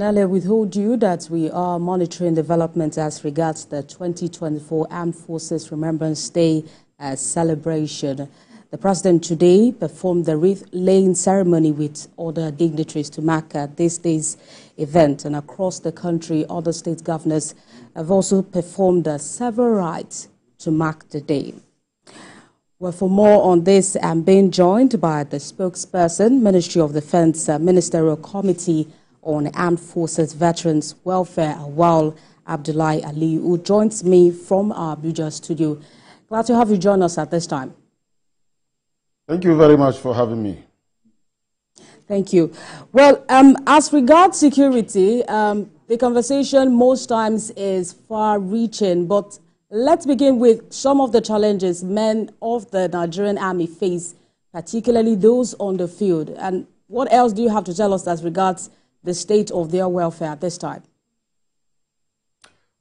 And earlier we told you that we are monitoring developments as regards the 2024 Armed Forces Remembrance Day uh, celebration. The president today performed the wreath laying ceremony with other dignitaries to mark uh, this day's event. And across the country, other state governors have also performed uh, several rites to mark the day. Well, for more on this, I'm being joined by the spokesperson, Ministry of Defense uh, Ministerial Committee on Armed Forces Veterans Welfare, Awal Abdullahi Ali, who joins me from our Abuja studio. Glad to have you join us at this time. Thank you very much for having me. Thank you. Well, um, as regards security, um, the conversation most times is far-reaching, but let's begin with some of the challenges men of the Nigerian army face, particularly those on the field. And what else do you have to tell us as regards the state of their welfare at this time?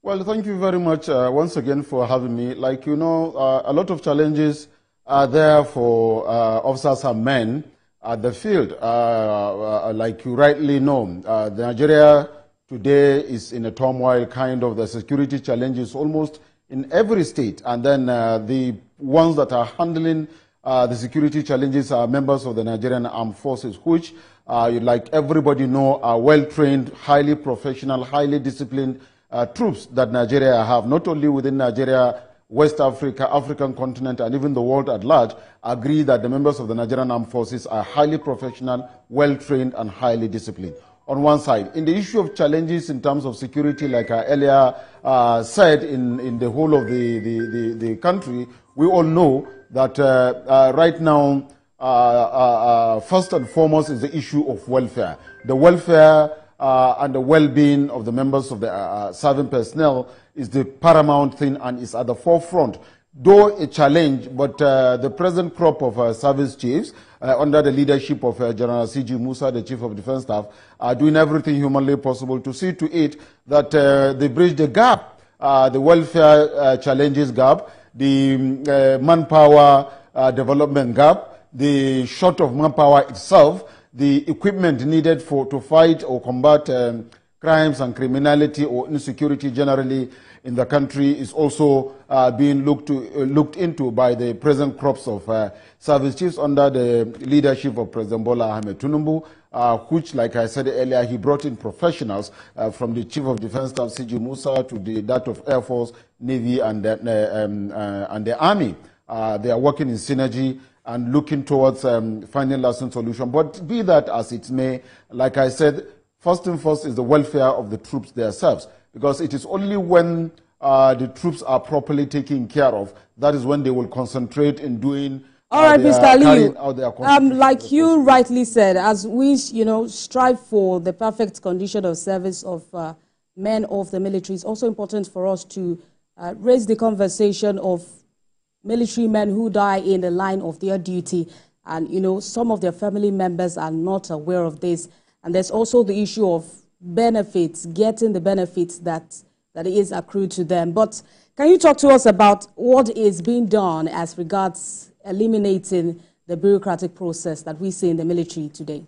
Well, thank you very much uh, once again for having me. Like you know, uh, a lot of challenges are there for uh, officers and men at the field. Uh, uh, like you rightly know, the uh, Nigeria today is in a turmoil kind of the security challenges almost in every state. And then uh, the ones that are handling uh, the security challenges are members of the Nigerian armed forces, which uh, like everybody know, are well-trained, highly professional, highly disciplined uh, troops that Nigeria have, not only within Nigeria, West Africa, African continent, and even the world at large, agree that the members of the Nigerian Armed Forces are highly professional, well-trained, and highly disciplined. On one side, in the issue of challenges in terms of security, like I earlier uh, said, in, in the whole of the, the, the, the country, we all know that uh, uh, right now, uh, uh, uh, first and foremost is the issue of welfare. The welfare and the well-being of the members of the serving personnel is the paramount thing and is at the forefront though a challenge, but uh, the present crop of uh, service chiefs, uh, under the leadership of General C.G. Musa, the Chief of Defense Staff, are doing everything humanly possible to see to it that they bridge the gap, the welfare challenges gap, the mm, manpower development gap, the short of manpower itself, the equipment needed for to fight or combat um, crimes and criminality or insecurity generally in the country is also uh, being looked, to, uh, looked into by the present crops of uh, service chiefs under the leadership of President Bola Ahmed Tunumbu, uh, which, like I said earlier, he brought in professionals uh, from the Chief of Defense Staff, C.G. Musa, to the, that of Air Force, Navy, and, uh, um, and the Army. they are working in synergy and looking towards um, finding lasting solution. But be that as it may, like I said, first and first is the welfare of the troops themselves, because it is only when uh, the troops are properly taken care of that is when they will concentrate in doing. All right, Mr. Aliyu, um, like you rightly said, as we, you know, strive for the perfect condition of service of uh, men of the military, it's also important for us to uh, raise the conversation of military men who die in the line of their duty. And, you know, some of their family members are not aware of this. And there's also the issue of benefits, getting the benefits that, that is accrued to them. But can you talk to us about what is being done as regards eliminating the bureaucratic process that we see in the military today?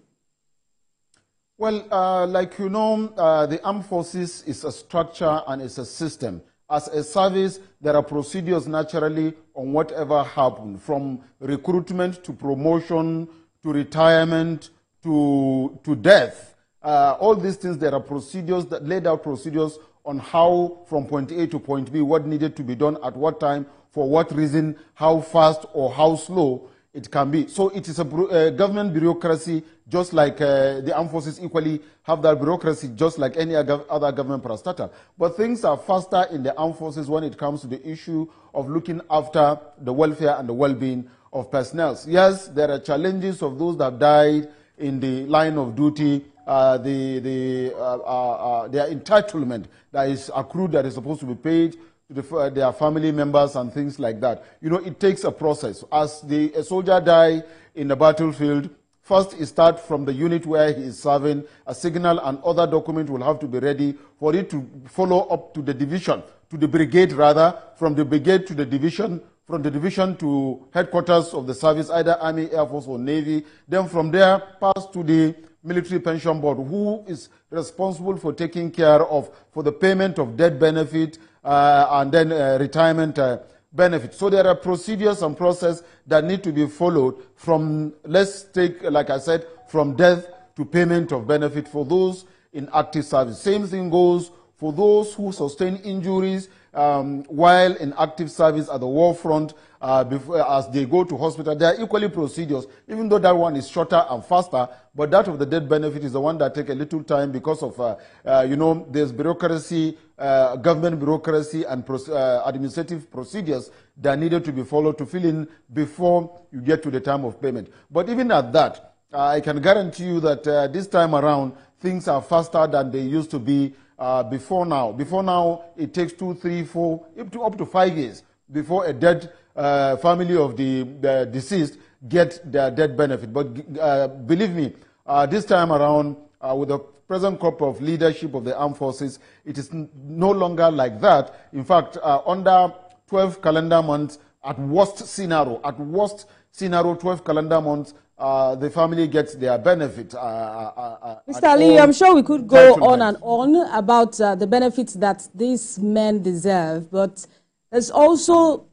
Well, uh, like you know, uh, the armed forces is a structure and it's a system as a service, there are procedures naturally on whatever happened, from recruitment to promotion to retirement to, to death. Uh, all these things, there are procedures that laid out procedures on how, from point A to point B, what needed to be done at what time, for what reason, how fast or how slow it can be. So it is a uh, government bureaucracy, just like uh, the armed forces equally have that bureaucracy, just like any other government parastatal. But things are faster in the armed forces when it comes to the issue of looking after the welfare and the well-being of personnel. Yes, there are challenges of those that died in the line of duty, uh, the, the, uh, uh, uh, their entitlement that is accrued, that is supposed to be paid uh, their family members and things like that. You know, it takes a process. As the, a soldier die in the battlefield, First, he start from the unit where he is serving. A signal and other document will have to be ready for it to follow up to the division, to the brigade rather, from the brigade to the division, from the division to headquarters of the service, either Army, Air Force, or Navy. Then from there, pass to the Military Pension Board, who is responsible for taking care of for the payment of debt benefit uh, and then uh, retirement uh, benefit. So there are procedures and process that need to be followed from let's take like I said from death to payment of benefit for those in active service. Same thing goes for those who sustain injuries um, while in active service at the war front uh, before, uh, as they go to hospital. they are equally procedures, even though that one is shorter and faster, but that of the death benefit is the one that takes a little time because of, uh, uh, you know, there's bureaucracy, uh, government bureaucracy and uh, administrative procedures that needed to be followed to fill in before you get to the time of payment. But even at that, I can guarantee you that this time around, things are faster than they used to be uh, before now. Before now, it takes two, three, four, up to, up to five years before a dead uh, family of the, the, deceased get their death benefit. But uh, believe me, uh, this time around, uh, with the present crop of leadership of the armed forces, it is no longer like that. In fact, under 12 calendar months, at worst scenario, at worst scenario, 12 calendar months, uh, the family gets their benefit. Uh, uh, uh, uh Mr. Lee, I'm sure we could go on and on about the benefits that these men deserve, but there's also,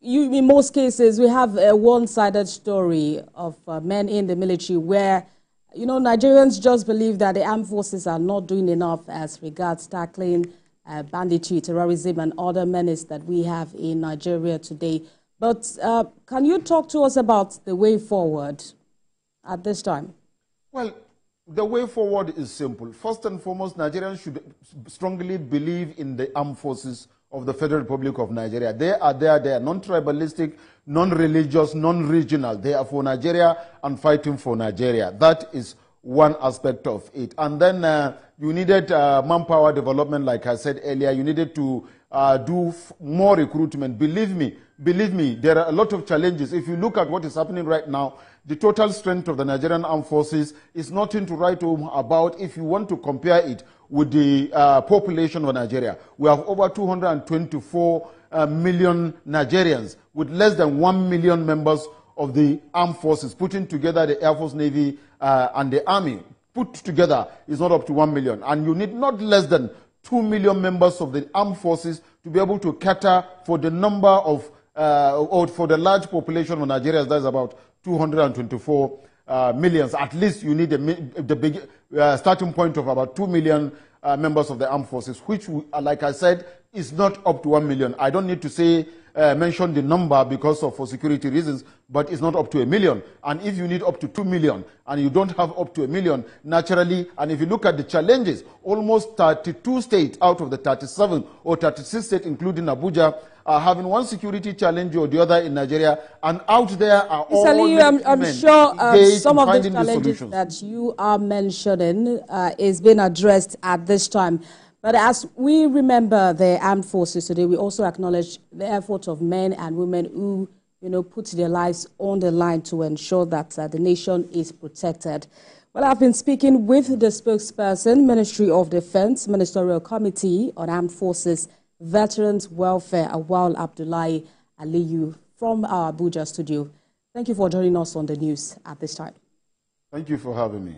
you, in most cases, we have a one-sided story of men in the military where, you know, Nigerians just believe that the armed forces are not doing enough as regards tackling banditry, terrorism, and other menace that we have in Nigeria today. But uh, can you talk to us about the way forward at this time? Well, the way forward is simple. First and foremost, Nigerians should strongly believe in the armed forces of the Federal Republic of Nigeria. They are there, they are non-tribalistic, non-religious, non-regional. They are for Nigeria and fighting for Nigeria. That is one aspect of it. And then uh, you needed uh, manpower development, like I said earlier. You needed to uh, do more recruitment. Believe me, believe me, there are a lot of challenges. If you look at what is happening right now, the total strength of the Nigerian armed forces is nothing to write home about if you want to compare it with the uh, population of Nigeria. We have over 224 uh, million Nigerians with less than 1 million members of the armed forces, putting together the Air Force, Navy, uh, and the Army. Put together is not up to 1 million. And you need not less than 2 million members of the armed forces to be able to cater for the number of uh, or oh, for the large population of Nigeria, that's about 224 uh, millions. At least you need a, the big, uh, starting point of about 2 million uh, members of the armed forces, which, uh, like I said, is not up to 1 million. I don't need to say, uh, mention the number because of for security reasons, but it's not up to a million. And if you need up to 2 million and you don't have up to a million, naturally, and if you look at the challenges, almost 32 states out of the 37 or 36 states, including Abuja, are having one security challenge or the other in Nigeria, and out there are all you, I'm, I'm sure uh, some of the challenges the that you are mentioning uh, is being addressed at this time. But as we remember the armed forces today, we also acknowledge the effort of men and women who, you know, put their lives on the line to ensure that uh, the nation is protected. Well, I've been speaking with the spokesperson, Ministry of Defense, Ministerial Committee on Armed Forces Veterans Welfare Awal Abdullahi Aliyu from our Abuja studio. Thank you for joining us on the news at this time. Thank you for having me.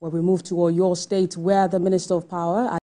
Well, we move to your State, where the Minister of Power...